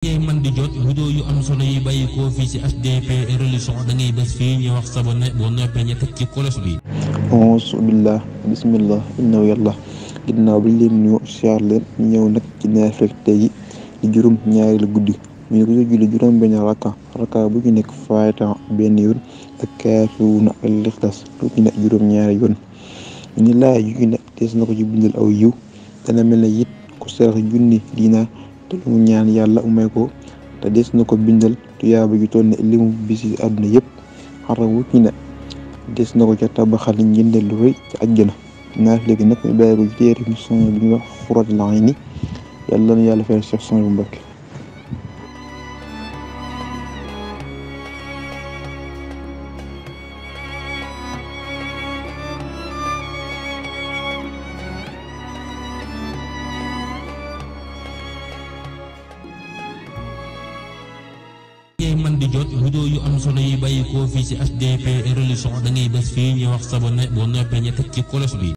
ngay man di jot vidéo yu am solo yi bàyyi koo fii ci HDP religion da bés fii ñu wax sabone boo noppee ñu ci kolos bi auzu billah bismillah innahu yàlla ginnaaw bi leen ñu siyaar leen ñëw nag ci naafila tey yi di juróom ñaari la guddi ñu ne ko julli juróom benn rakka rakka bu ci nekk faatiha benn yoon ak kaafiruuna ak lixlaas lu ci nekk juróom ñaari yoon ñu laay yu ci nekk tees na ko ci bindal aw yiw dana mel ne it ku sarax junni dinaar te lu ñaan yàlla mu ko te des na ko bindal tuyaaba ju toll ne li mu bis yi àdduna yëpp xarawut ne des na ko ca tabaxal njëndal lu rëy ci àjjana naaf léegi nag ñu bàyyi ko ci téere émission bi ñuy wax Qurratul Ayni yàlla na yàlla fay Cheikh Souhaïbou di jot vidéo yu am solo yi bàyyi koo fii ci HDP religion da ngay bés fii ñu wax s'abonner boo noppee ñu teg ci cloche bi